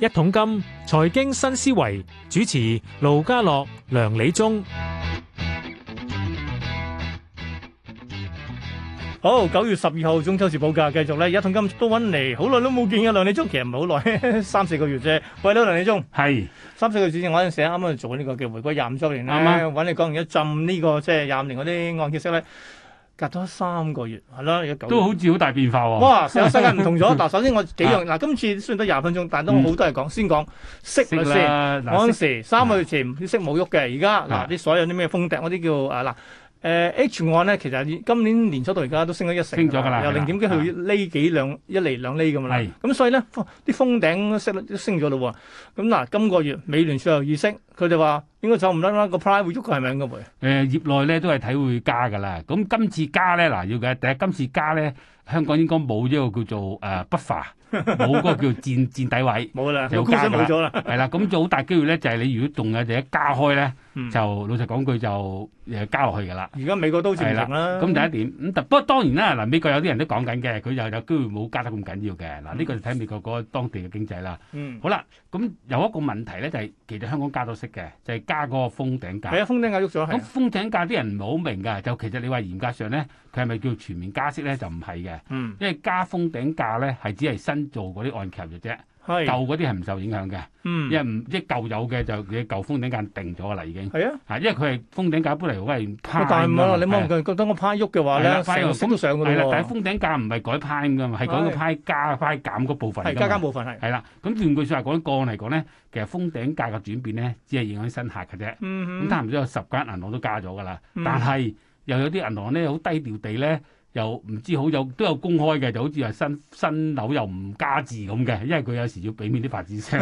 一桶金財經新思維，主持盧家樂、梁理中。好，九月十二號中秋節補假，繼續咧，一桶金都搵嚟，好耐都冇見啊！梁理中其實唔係好耐，三四個月啫。喂，你好，梁理中，係三四個月之前嗰陣時，啱啱做呢個叫回歸廿五周年咧，搵你講完一浸呢個即係廿五年嗰啲案件先咧。隔咗三個月，係咯，都好似好大變化喎。哇，成個世界唔同咗。嗱，首先我幾樣嗱，今次雖然得廿分鐘，但都好多人講。先講息率先。嗰陣時三個月前啲息冇喐嘅，而家嗱啲所有啲咩封頂嗰啲叫啊嗱，誒 H 按咧，其實今年年初到而家都升咗一成。升咗㗎啦。又零點幾去呢幾兩一釐兩釐咁啦。咁所以咧，啲封頂都升咗咯喎。咁嗱，今個月美聯儲又議息。佢哋話應該就唔甩啦，個 prime 會喐，佢係咪應該會？誒業內咧都係睇會加嘅啦。咁今次加咧嗱要嘅，第一今次加咧，香港應該冇呢個叫做誒 buffer，冇、呃、嗰、er, 個叫做佔佔 底位，冇啦，有加嘅。係啦，咁就好大機會咧，就係、是、你如果仲有就一加開咧，嗯、就老實講句就，就加落去㗎啦。而家美國都潛力啦。咁第一點、嗯、不過當然啦嗱，美國有啲人都講緊嘅，佢又有機會冇加得咁緊要嘅嗱，呢、嗯、個就睇美國嗰個當地嘅經濟啦。嗯、好啦，咁有一個問題咧就係、是、其實香港加到。嘅就係加嗰個封頂價。係啊，封頂價喐咗，咁封頂價啲人唔係好明㗎，就其實你話嚴格上咧，佢係咪叫全面加息咧就唔係嘅，嗯、因為加封頂價咧係只係新做嗰啲按揭嘅啫。舊嗰啲係唔受影響嘅，一唔即係舊有嘅就嘅舊封頂價定咗啦已經。係啊，因為佢係封頂價，本嚟話係攀咁樣。但係唔好啦，你唔好覺得我攀喐嘅話咧，成升都上嘅。係啦，但係封頂價唔係改派㗎嘛，係改個派加、派減嗰部分。係加減部分係。係啦，咁換句説話講個案嚟講咧，其實封頂價嘅轉變咧，只係影響啲新客嘅啫。嗯嗯。咁差唔多有十間銀行都加咗㗎啦，但係又有啲銀行咧好低調地咧。又唔知好有都有公開嘅，就好似係新新樓又唔加字咁嘅，因為佢有時要畀面啲發展商。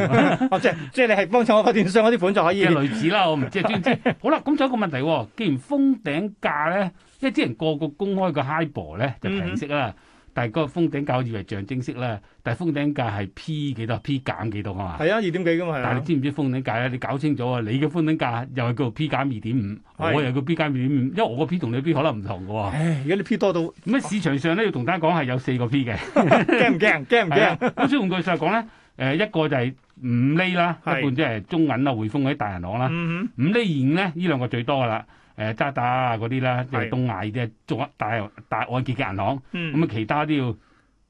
哦， 即係即係你係幫襯我發展商嗰啲款就可以。嘅類似啦，我唔知，知，知，唔知。 好啦，咁仲有一個問題喎，既然封頂價咧，即係之前個個公開個 high 咧，就平息啦。但係個封頂價我以為象徵式啦，但係封頂價係 P 幾多？P 減幾多啊嘛？係啊，二點幾㗎嘛。但係你知唔知封頂價咧？你搞清楚啊！你嘅封頂價又係叫做 P 減二點五，5，是我又係叫 P 減二點五，5，因為我個 P 同你個 P 可能唔同嘅喎。而家你 P 多到咁喺市場上咧，要同大家講係有四個 P 嘅，驚唔驚？驚唔驚？咁先、 啊、換句實話講咧，誒一個就係五厘啦，是一半即係中銀啊、匯豐嗰啲大銀行啦，五是厘二五咧，呢兩個最多噶啦。誒，渣打啊，嗰啲啦，即係東亞嘅，仲有大大按揭嘅銀行，咁啊，其他都要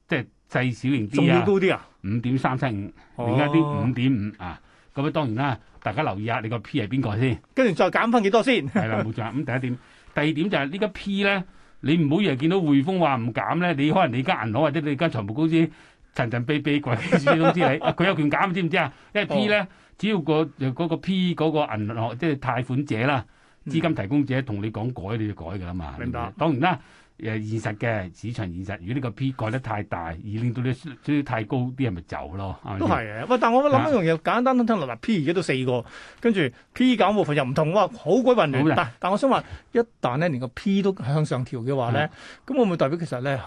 即係細小型啲高啲啊，五點三七五，而家啲五點五啊，咁啊當然啦，大家留意下你個 P 係邊個先，跟住再減翻幾多先，係啦冇錯。咁第一點，第二點就係呢個 P 咧，你唔好以為見到匯豐話唔減咧，你可能你間銀行或者你間財務公司層層避避鬼，通知你佢有權減，知唔知啊？因為 P 咧，只要個個 P 嗰個銀行即係貸款者啦。嗯、資金提供者同你講改你就改噶啦嘛，明白？當然啦，誒現實嘅市場現實，如果呢個 P 改得太大，而令到你輸太高，啲人咪走咯。都係啊！喂，但我諗一樣嘢，啊、簡單聽落，嗱 P 而家都四個，跟住 P 減部分又唔同喎，好鬼混亂。的但但我想話，一旦呢連個 P 都向上調嘅話咧，咁會唔會代表其實咧？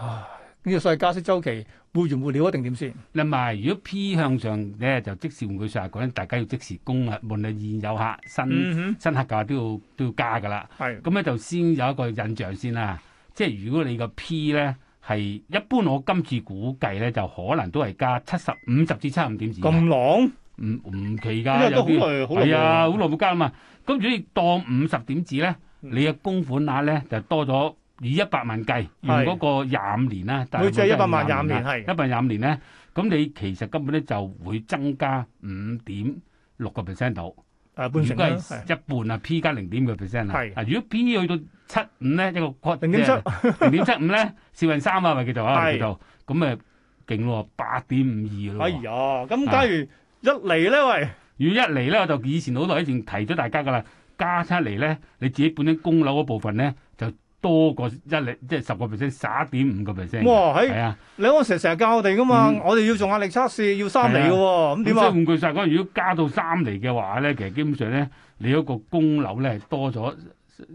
呢個所謂加息周期，活完活料一定點先？另係，如果 P 向上咧，就即時換句説話講，大家要即時供啊，無論現有客、新、嗯、哼新客嘅都要都要加嘅啦。係咁咧，就先有一個印象先啦。即係如果你個 P 咧係一般，我今次估計咧就可能都係加七十五十至七十五點子。咁 long？唔唔奇㗎，因為好耐啊，好耐冇加啊嘛。咁所以當五十點子咧，你嘅供款額咧就多咗。以一百萬計，如嗰個廿五年咧，每借一百萬廿五年，係一百廿五年咧，咁你其實根本咧就會增加五點六個 percent 度，誒，半成，一半啊，P 加零點個 percent 啊，係，啊，如果 P 去到七五咧，一個確定七零點七五咧，四分三啊，咪叫做，咪叫做，咁咪勁咯，八點五二咯，哎呀，咁假如一嚟咧，喂，如果一嚟咧，我就以前好耐以前提咗大家噶啦，加出嚟咧，你自己本身供樓嗰部分咧。多個一厘，即係十個 percent，十一點五個 percent。哇！喺、欸啊、你嗰陣時成日教我哋噶嘛，嗯、我哋要做壓力測試，要三厘嘅喎，咁點啊？唔需、啊、換句實講，如果加到三厘嘅話咧，其實基本上咧，你嗰個供樓咧多咗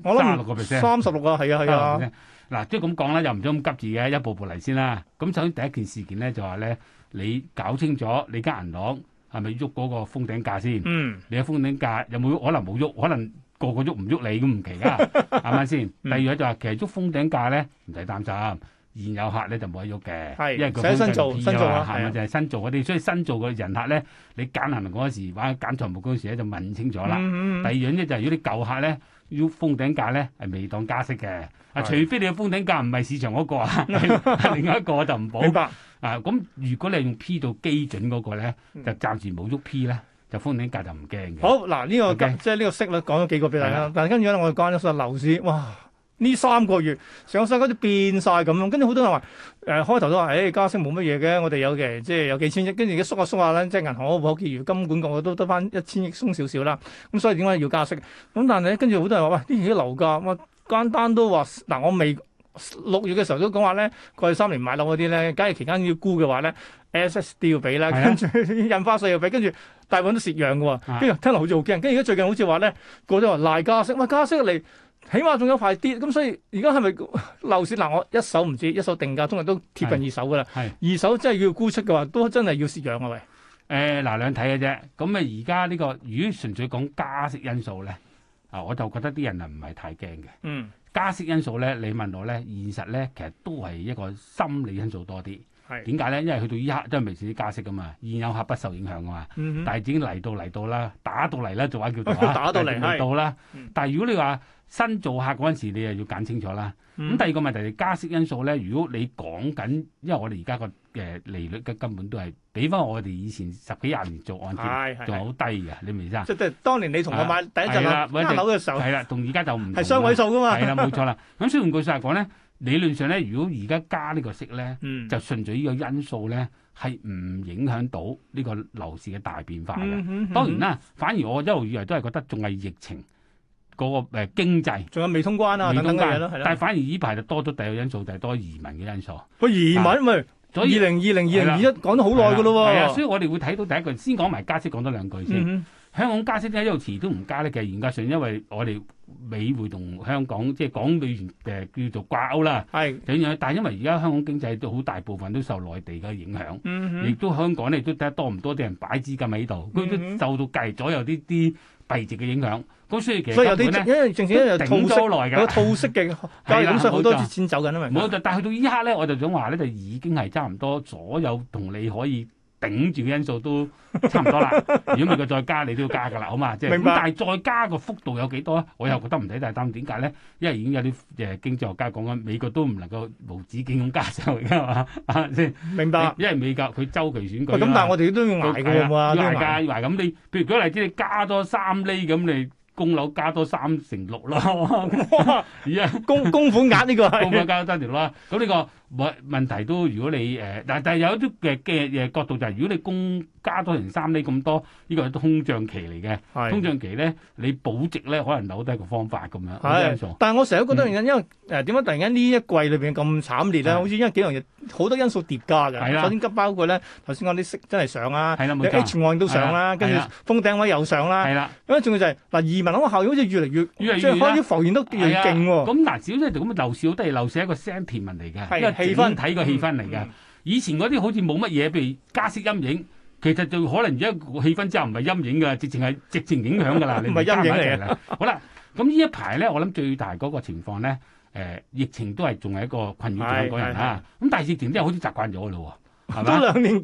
三十六個 percent，三十六啊，係啊，係啊。嗱，即係咁講咧，又唔想咁急住嘅，一步步嚟先啦。咁首先第一件事件咧，就話咧，你搞清楚你間銀行係咪喐嗰個封頂價先。嗯。你喺封頂價有冇可能冇喐？可能。可能。個個喐唔喐你咁唔奇啊，係咪先？第二樣就係、是、其實喐封頂價咧，唔使擔心；現有客咧就冇得喐嘅，是因為佢新做已，新做係咪就係新做嗰啲？所以新做嘅人客咧，你揀銀行嗰時，或者揀財務嗰時咧就問清楚啦。 第二樣咧就係、是、如果啲舊客咧喐封頂價咧，係未當加息嘅。啊是，除非你嘅封頂價唔係市場嗰個啊，係 另外一個我就唔保。 明白啊？咁如果你係用 P 做基準嗰個咧，就暫時冇喐 P 咧。就封頂價就唔驚嘅。好嗱，呢、這個即係呢個息率講咗幾個俾大家。的但係跟住咧，我哋講咗所樓市，哇！呢三個月上世嗰啲變晒咁樣。跟住好多人話，誒開頭都話，誒、哎、加息冇乜嘢嘅，我哋有嘅，即係有幾千億。跟住而家縮下縮下咧，即係銀行戶口、結餘、金管局我都得返一千億，鬆少少啦。咁所以點解要加息？咁但係咧，跟住好多人都話喂，啲啲樓價，我簡單都話，嗱，我未六月嘅時候都講話咧，過去三年買樓嗰啲咧，假如期間要沽嘅話咧。S SSD S D 的要俾啦，跟住印花稅要俾，跟住大部分都蝕讓嘅喎。跟住聽落好似好驚，跟住而家最近好似話咧，嗰咗話賴加息，喂、哎、加息嚟，起碼仲有快啲。咁所以而家係咪漏市嗱？我一手唔知，一手定價，通常都貼近二手嘅啦。的二手真係要沽出嘅話，都真係要蝕讓嘅喂。誒嗱，兩睇嘅啫。咁啊、呃，而家呢、這個如果純粹講加息因素咧，啊，我就覺得啲人啊唔係太驚嘅。嗯，加息因素咧，你問我咧，現實咧其實都係一個心理因素多啲。點解咧？因為去到依刻都係未至於加息噶嘛，現有客不受影響噶嘛。嗯、哼但係已經嚟到嚟到啦，打到嚟啦，做話叫做打到嚟到啦。但係如果你話新做客嗰陣時，嗯、你又要揀清楚啦。咁第二個問題係加息因素咧。如果你講緊，因為我哋而家個誒利率嘅根本都係，比翻我哋以前十幾廿年做按揭仲好低嘅，你明唔明意思？即係當年你同我買第一隻、啊、樓、啱樓嘅時候，係啦，同而家就唔同啦。係雙位數噶嘛？係啦，冇錯啦。咁雖然用句實話講咧。理論上咧，如果而家加呢個息咧，嗯、就順序呢個因素咧，係唔影響到呢個樓市嘅大變化嘅。嗯嗯，當然啦，反而我一路以為都係覺得仲係疫情嗰、嗰個誒經濟，仲有未通關啊通關等等的，但係反而依排就多咗第二個因素，就係多移民嘅因素。移民咪，的所以二零二零二零二一講得好耐嘅咯。所以我哋會睇到第一句先講埋加息，講多兩句先。嗯香港加息咧，有時都唔加咧。其實嚴格上，因為我哋美匯同香港即係港美元誒叫做掛鈎啦。係是但係因為而家香港經濟都好大部分都受內地嘅影響，嗯、哼亦都香港咧都睇得多唔多啲人擺資金喺度，佢都受到計左右啲啲幣值嘅影響。咁所以其實所以有啲因為正正因為有套息內嘅套息嘅，係好的多錢走緊啊嘛。冇就沒 沒 但係到依刻咧，我就想話咧，就已經係差唔多，左右同你可以。頂住嘅因素都差唔多啦，如果美國再加，你都要加噶啦，好嘛？即係咁，但係再加個幅度有幾多啊？我又覺得唔使太擔，點解咧？因為已經有啲誒經濟學家講緊，美國都唔能夠無止境咁加上去噶嘛。明白。因為美國佢周期選舉。咁但係我哋都要捱㗎，捱㗎，咁你。譬如舉例即係你加多三厘咁，你供樓加多三成六囉。而家供供款額呢個係。供款加多三厘啦。咁呢個。冇問題都，如果你誒，但係但係有啲嘅嘅嘅角度就係，如果你供加多成三厘咁多，呢個係通脹期嚟嘅。通脹期咧，你保值咧，可能留低個方法咁樣。但係我成日都覺得原因，因為誒點解突然間呢一季裏邊咁慘烈咧？好似因為幾樣嘢好多因素疊加嘅。首先急包括咧，頭先講啲息真係上啦，你 H 按都上啦，跟住封頂位又上啦。係啦。因為仲要就係嗱，移民嗰個效應好似越嚟越，越即係開始浮現得越勁喎。咁嗱，少咧就咁樓市好低，樓市係一個 sentiment 嚟嘅，氣氛，睇個氣氛嚟嘅。嗯嗯、以前嗰啲好似冇乜嘢，譬如加息陰影，其實就可能而家個氣氛之後唔係陰影噶直情係直情影響噶啦，唔係陰影嚟嘅。 好啦，咁呢一排咧，我諗最大嗰個情況咧，誒、呃，疫情都係仲係一個困擾住香港人吓、啊。咁第二點之後好似習慣咗咯，係咪？都兩年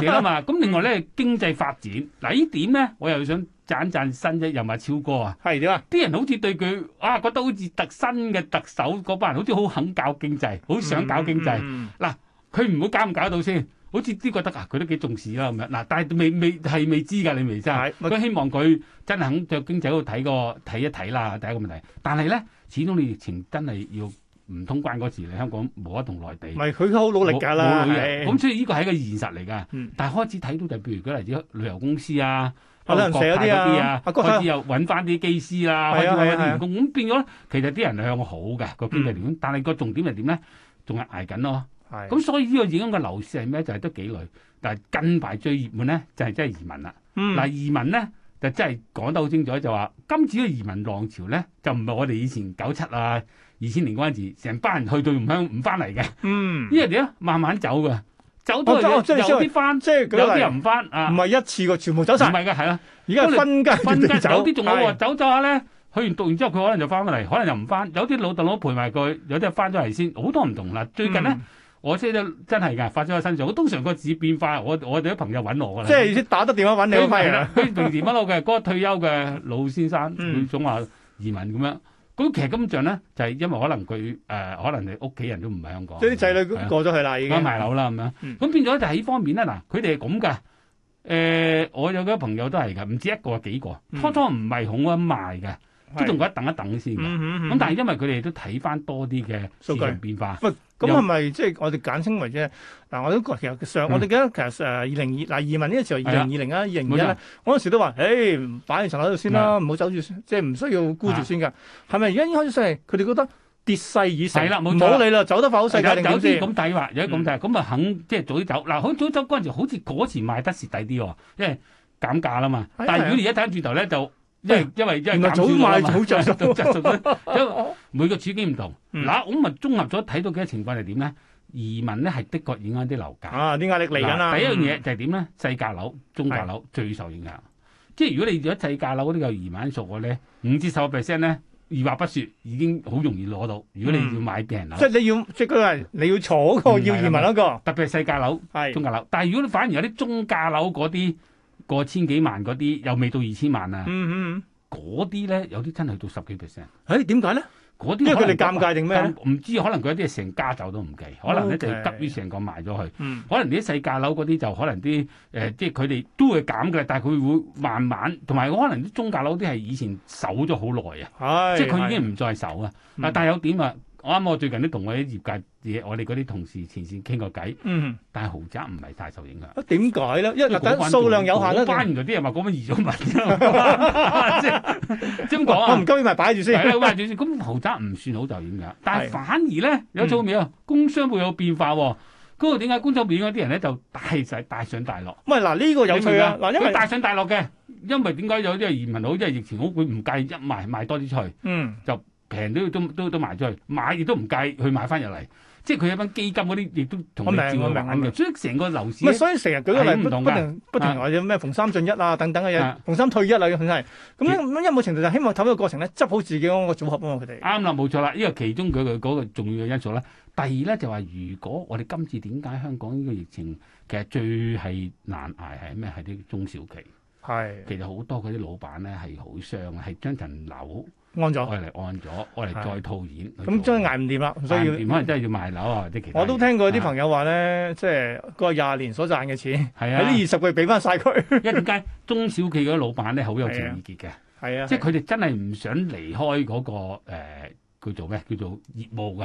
幾啦嘛。咁另外咧，經濟發展嗱，點？呢點咧，我又想。賺賺新一又咪超過啊？係點啊？啲人好似對佢啊，覺得好似特新嘅特首嗰班人，好似好肯搞經濟，好想搞經濟。嗱、嗯、佢、嗯、唔、啊嗯、好搞唔搞到先？好似啲覺得啊，佢都幾重視啦，咁樣嗱。但係未未係未知㗎，你未真。佢係希望佢真係肯着經濟嗰度睇過睇一睇啦。第一個問題，但係咧，始終你疫情真係要唔通關嗰時你香港，冇得同內地。唔係佢好努力㗎啦，咁所以呢個係一個現實嚟㗎。但係開始睇到就譬如舉例子，旅遊公司啊。可能國泰嗰啲啊，啊開始又揾翻啲機師啦、啊，啊、開始揾翻啲員工，咁、啊啊啊、變咗咧，其實啲人係向好嘅個經濟嚟講， 但係個重點係點咧？仲係捱緊咯。係是，咁所以呢個影響嘅樓市係咩？就係、是、得幾耐，但係近排最熱門咧就係、是、真係移民啦。嗱、嗯，移民咧就真係講得好清楚，就話今次嘅移民浪潮咧就唔係我哋以前九七啊、二千年嗰陣時，成班人去到唔香唔翻嚟嘅。嗯，呢個點啊？慢慢走嘅。走咗，即係有啲翻，即係有啲人唔翻啊！唔係一次過，全部走晒。唔係嘅，係啊。而家分家走，有啲仲係走走下咧。去完讀完之後，佢可能就翻翻嚟，可能又唔翻。有啲老豆佬陪埋佢，有啲翻咗嚟先。好多唔同啦。最近咧，我即係真係嘅發生喺身上。我通常個字變化，我我哋啲朋友揾我噶啦。即係打得電話揾你，係佢平時乜我嘅嗰個退休嘅老先生，佢總話移民咁樣。咁其實根本上咧，就係、是、因為可能佢誒、呃，可能你屋企人都唔喺香港，即係啲仔女都過咗去啦，啊、已經買埋樓啦，咁樣、嗯，咁變咗就喺方面啦。嗱，佢哋係咁噶，誒，我有啲朋友都係噶，唔止一個啊，幾個，初初唔係好咁賣嘅，都仲覺得等一等先。咁的、嗯嗯、但係因為佢哋都睇翻多啲嘅市場變化。咁係咪即係我哋簡稱為啫？嗱，我都覺其實上我哋記得其實誒二零二嗱二萬呢個時候二零二零啊二零二一咧，嗰陣時都話，誒擺喺層樓度先啦，唔好走住，先，即係唔需要沽住先嘅。係咪而家已經開始？佢哋覺得跌勢已死啦，冇理啦，走得快好世界，走九先咁抵啊！如果咁抵，咁啊肯即係早啲走。嗱，好早走嗰陣時，好似嗰時賣得蝕底啲喎，因為減價啦嘛。但係如果而家睇翻轉頭咧，就。因因為因為咁少，唔係早買早著數，每個處境唔同、嗯。嗱，我咪綜合咗睇到嘅情況係點咧？移民咧係的確影響啲樓價。啊，啲壓力嚟緊啦！第一樣嘢就係點咧？細價樓、中價樓是 最受影響。即係如果你做咗細價樓嗰啲又移民熟嘅咧，五至十 percent 咧，二話不說已經好容易攞到。如果你要買平樓，即係、嗯、你要即係你要坐個，要移民嗰、那個，特別係細價樓、是 中價樓。但係如果你反而有啲中價樓嗰啲。過千幾萬嗰啲又未到二千萬啊、嗯，嗯嗯，嗰啲咧有啲真係到十幾 percent，誒，點解咧？嗰啲因為佢哋尷尬定咩唔知可能佢有啲成家走都唔計，可能咧 Okay. 就急於成個賣咗去。嗯、可能啲細價樓嗰啲就可能啲誒、呃，即係佢哋都會減嘅，但係佢會慢慢同埋可能啲中價樓啲係以前守咗好耐啊，係是，即係佢已經唔再守啊，的嗯、但係有點啊。我啱，我最近都同我啲業界嘢，我哋嗰啲同事前線傾過偈，但係豪宅唔係太受影響。點解咧？因為數量有限啦，關咗啲人話講乜移咗民，即係即咁講啊！我唔今日咪擺住先。住先，咁豪宅唔算好受影響，但係反而咧有組廟，工商會有變化。嗰個點解？工商變嗰啲人咧就大勢大上大落。喂，嗱，呢個有趣啊！嗱，因為大上大落嘅，因為點解有啲移民佬，即係疫情好，佢唔介一賣賣多啲出去，嗯，就。平都都都都賣咗去，買亦都唔計去買翻入嚟，即係佢有班基金嗰啲亦都同你接我玩嘅，成個樓市。所以成日舉個例子，不斷不停或者咩逢三進一啊等等嘅嘢，啊、逢三退一啊咁樣，咁咁、啊、一冇程度就希望透過嘅過程咧，執好自己嗰個組合啊嘛，佢哋啱啦，冇錯啦，呢個其中佢佢個重要嘅因素啦。第二咧就話，如果我哋今次點解香港呢個疫情其實最係難捱係咩？係啲中小企，係的的其實好多嗰啲老闆咧係好傷，係將層樓。按咗，我嚟按咗，我嚟再套現。咁真係捱唔掂啦，所以可能真係要賣樓啊或者其他。我都聽過啲朋友話咧，即係個廿年所賺嘅錢，喺呢二十個月俾翻晒佢。因為點解中小企嗰啲老闆咧好有情意結嘅？係啊，即係佢哋真係唔想離開嗰個誒佢做咩？叫做業務㗎。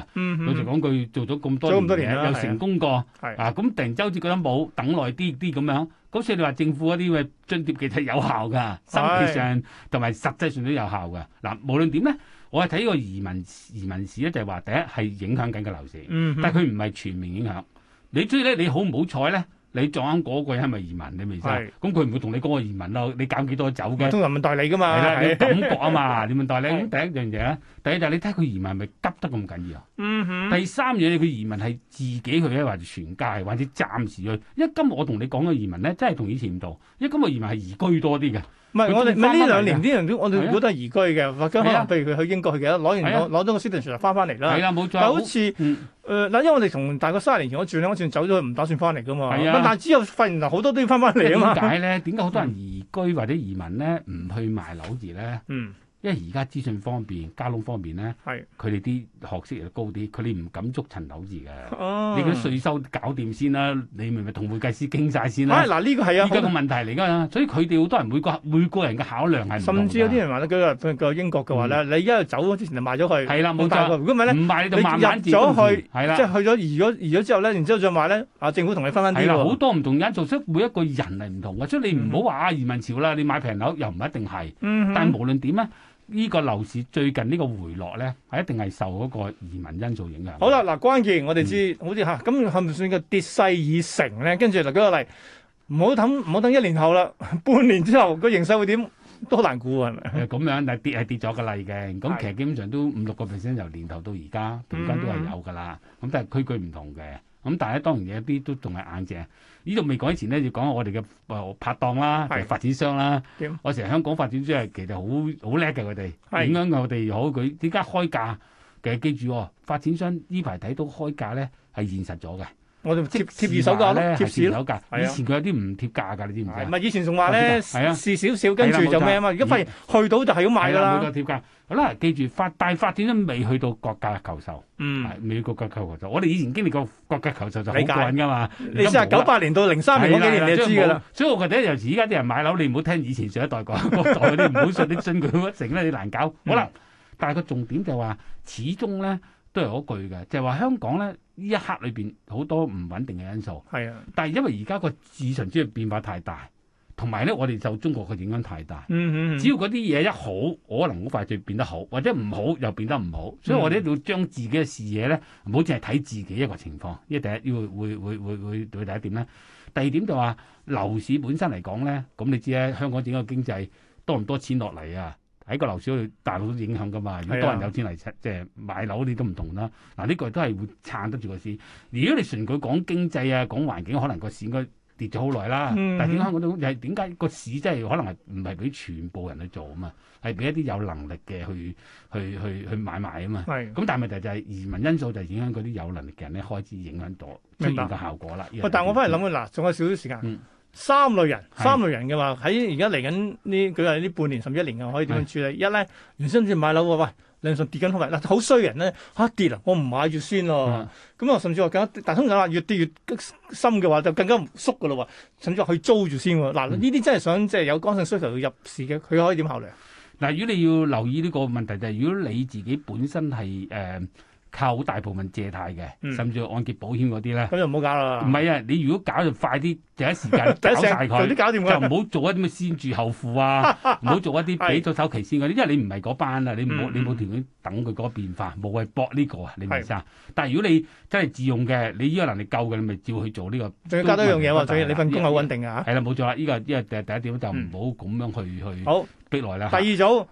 老實講，佢做咗咁多年，有成功過。啊，咁、啊、突然之好似覺得冇，等耐啲啲咁樣。好似的你話政府嗰啲咩津貼其實有效㗎，心理上同埋的實際上都有效㗎。嗱、啊，無論點咧，我係睇呢個移民移民市咧，就係話第一係影響緊個樓市，嗯、哼但係佢唔係全面影響。你所以咧，你好唔好彩咧？你撞啱嗰個人係咪移民你未？知咁佢唔會同你講個移民咯，你搞幾多走嘅？都人問代理噶嘛，有感覺啊嘛？點問 代理？的第一樣嘢，第一就係你睇佢移民係咪急得咁緊要啊？嗯哼。第三樣嘢，佢移民係自己去或者全家，或者暫時去。因為今日我同你講嘅移民咧，真係同以前唔同。因為今日移民係移居多啲嘅。唔係不我哋，唔係呢兩年啲人、啊、都，我哋好多都係移居嘅。啊、或者可能譬如佢去英國去嘅，攞完攞咗、啊、個 student、啊、就翻翻嚟啦。係啦、啊，冇錯。但好似誒嗱，因為我哋從大概卅年前我住咧，我算走咗去，唔打算翻嚟噶嘛。係啊，但之後發現好多都要翻翻嚟啊嘛。解咧？點解好多人移居或者移民咧？唔去埋樓而咧？嗯。因為而家資訊方面，交通方面咧，佢哋啲學識又高啲，佢哋唔敢捉層樓字嘅。你啲稅收搞掂先啦，你咪明同會計師傾晒先啦。嗱呢個係啊，依家個問題嚟㗎。所以佢哋好多人每個每個人嘅考量係唔同。甚至有啲人話咧，英國嘅話咧，你一路走之前就賣咗佢。係啦，冇錯。如果唔係咧，唔賣你就慢慢啦，即係去咗移咗移咗之後咧，然之後再賣咧，啊政府同你分分啲好多唔同人做出每一個人係唔同嘅，所以你唔好話啊移民潮啦，你買平樓又唔一定係。但係無論點咧。呢個樓市最近呢個回落咧，係一定係受嗰個移民因素影響。好啦，嗱，關鍵我哋知，嗯、好似吓，咁係咪算個跌勢已成咧？跟住就舉個例，唔好等，唔好等一年後啦，半年之後個形勢會點？多難估啊！咁樣，但係跌係跌咗個例嘅。咁是其實基本上都五六個 percent 由年頭到而家，嗯嗯距距同間都係有噶啦。咁都係區區唔同嘅。咁、嗯、但係當然有一啲都仲係硬淨，呢度未講之前咧就講我哋嘅拍檔啦，是發展商啦。樣我成日香港發展商係其實好好叻嘅佢哋，點是樣我哋好佢？點解開價其實記住哦？發展商呢排睇到開價咧係現實咗嘅。我哋貼貼二手價咯，貼市咯。以前佢有啲唔貼價噶，你知唔知？唔係，以前仲話咧係啊，試少少，跟住就咩啊嘛？而家發現去到就係要買啦。唔會再貼價。好啦，記住，發大發展都未去到國家嘅求售。嗯，美國嘅求球售。我哋以前經歷過國家球售就好慣噶嘛。你先係九八年到零三年嗰幾年你都知㗎啦。所以我覺得尤其而家啲人買樓，你唔好聽以前上一代講嗰代嗰啲，唔好信啲真句，成咧你難搞。好啦，但係個重點就話，始終咧都係嗰句嘅，就係話香港咧。呢一刻裏邊好多唔穩定嘅因素，係啊！但係因為而家個市場即係變化太大，同埋咧我哋受中國嘅影響太大。嗯嗯只要嗰啲嘢一好，我可能好快就變得好，或者唔好又變得唔好。所以我哋要將自己嘅視野咧，唔好、嗯、淨係睇自己一個情況。一第一要會會會會會第一點咧，第二點就話樓市本身嚟講咧，咁你知咧、啊、香港整個經濟多唔多錢落嚟啊？喺個樓市嗰度，大陸都影響噶嘛。如果多人有錢嚟即係買樓，呢啲都唔同啦。嗱，呢個都係會撐得住個市。如果你純佢講經濟啊，講環境，可能個市應該跌咗好耐啦。嗯、但係點解嗰解個市真係可能係唔係俾全部人去做啊嘛？係俾一啲有能力嘅去去去去買賣啊嘛。咁的但係問題就係移民因素就影響嗰啲有能力嘅人咧，開始影響到白出現個效果啦。喂白，但我翻嚟諗啊，嗱，仲有少少時間。嗯嗯三類人，是三類人嘅話喺而家嚟緊呢？佢話呢半年甚至一年嘅可以點樣處理？是一咧，原先住買樓喎，喂，量上跌緊空位，嗱好衰人咧嚇跌啊，跌我唔買住先咯、啊。咁啊是、嗯，甚至更加，但係通常話越跌越深嘅話，就更加唔縮嘅咯喎。甚至話去租住先喎、啊。嗱，呢啲真係想即係有剛性需求要入市嘅，佢可以點考慮？嗱、嗯，如果你要留意呢個問題，就係、是、如果你自己本身係誒。呃靠好大部分借貸嘅，甚至按揭保險嗰啲咧，咁就唔好搞啦。唔係啊，你如果搞就快啲，第一時間搞曬佢，就唔好做一啲咩先住後付啊，唔好做一啲俾咗首期先啲，因為你唔係嗰班啦，你冇你冇條件等佢嗰變化，無謂搏呢個啊，你明唔明啊？但係如果你真係自用嘅，你依個能力夠嘅，你咪照去做呢個。再多一樣嘢喎，佢哋份工好穩定啊。係啦，冇錯啦，依個依個第第一點就唔好咁樣去去。好，逼來啦。第二組。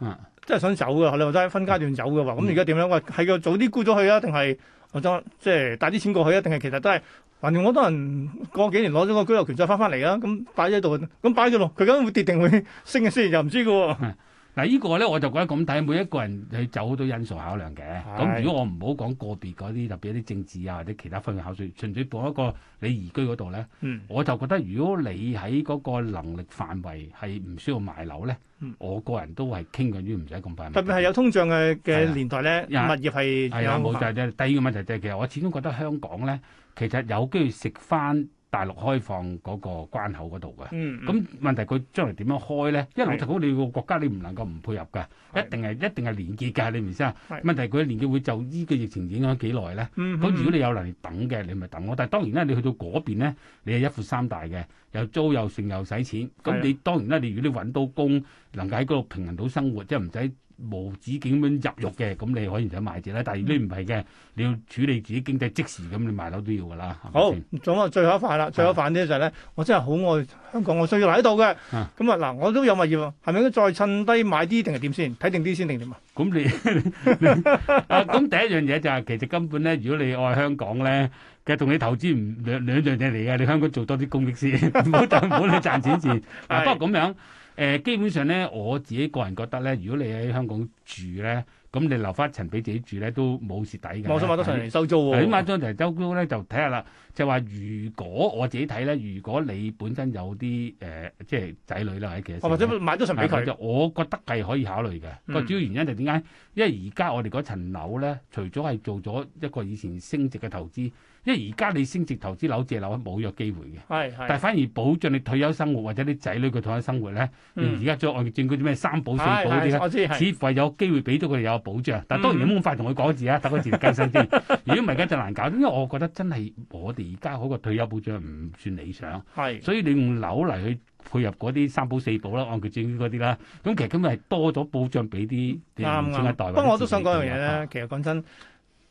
真係想走噶，你話真係分階段走噶喎，咁而家點樣？我係個早啲沽咗去啊，定係我將即係帶啲錢過去啊？定係其實都係，反正好多人過幾年攞咗個居留權再翻翻嚟啊，咁擺喺度，咁擺咗落，佢、嗯、咁會跌定會升嘅，先，又唔知噶喎、哦。 嗱，個呢個咧我就覺得咁睇，每一個人去走好多因素考量嘅。咁是如果我唔好講個別嗰啲，特別一啲政治啊或者其他方面考慮，純粹講一個你移居嗰度咧，嗯、我就覺得如果你喺嗰個能力範圍係唔需要買樓咧，嗯、我個人都係傾向於唔使咁快買。特別係有通脹嘅嘅年代咧，啊、物業係有冇、啊啊、第二個問題就係、是、其實我始終覺得香港咧，其實有機會食翻。大陸開放嗰個關口嗰度嘅，咁、嗯嗯、問題佢將嚟點樣開咧？因為我覺得你個國家你唔能夠唔配合嘅，是一定係一定係連結嘅，你明唔明先啊？是問題佢嘅年結連結會就依個疫情影響幾耐咧？咁、嗯嗯、如果你有能力等嘅，你咪等咯。但係當然咧，你去到嗰邊咧，你係一副三大嘅，又租又剩又使錢。咁你的當然啦，你如果你揾到工，能夠喺嗰度平衡到生活，即係唔使。無止境咁樣入獄嘅，咁你可以想買住咧。但係呢唔係嘅，你要處理自己經濟即時咁，你賣樓都要噶啦。好，總啊最後一塊啦，最後一塊呢就係、是、咧， 我真係好愛香港，我需要留喺度嘅。咁啊嗱，我都有物業，係咪應該再趁低買啲定係點先？睇定啲先定點啊？咁你咁、 啊、第一樣嘢就係、是，其實根本咧，如果你愛香港咧，其實同你投資唔兩兩樣嘢嚟嘅。你香港做多啲公益先，唔好唔好你賺錢先、 啊。不過咁樣。誒、呃、基本上咧，我自己個人覺得咧，如果你喺香港住咧，咁你留翻一層俾自己住咧，都冇蝕底嘅。我想買多層嚟、嗯、收租喎、啊嗯，你買多層嚟收租咧就睇下啦。就話如果我自己睇咧，如果你本身有啲誒、呃，即係仔女啦，或者其，或者買多層俾佢，就我覺得係可以考慮嘅。個主要原因就係點解？因為而家我哋嗰層樓咧，除咗係做咗一個以前升值嘅投資。因為而家你升值投資樓借樓，冇咗個機會嘅。係但係反而保障你退休生活或者啲仔女嘅退休生活咧。而家再按月政府啲咩三保四保嗰啲咧，似乎係有機會俾到佢有保障。但係當然你咁快同佢講字啊，等佢字更新先。如果唔係，而家就難搞。因為我覺得真係我哋而家嗰個退休保障唔算理想。係。所以你用樓嚟去配合嗰啲三保四保啦，按月政府嗰啲啦。咁其實今日係多咗保障俾啲啱啱。不過我都想講樣嘢咧，其實講真。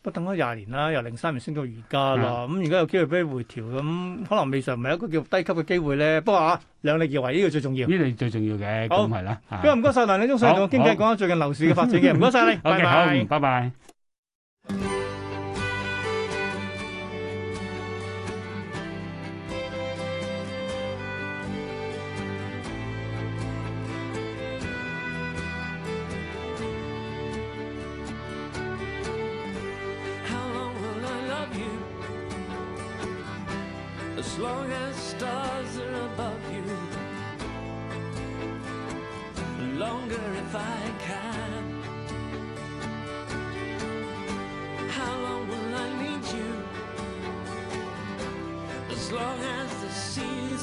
不等咗廿年啦，由零三年升到而家啦，咁而家有機會俾你回調，咁可能未嘗唔係一個叫低級嘅機會咧。不過啊，量力而為呢個最重要，呢啲最重要嘅，咁係啦。好，唔該晒，梁理中上同我傾偈講下最近樓市嘅發展嘅，唔該晒， 謝謝你，拜拜 Okay, bye。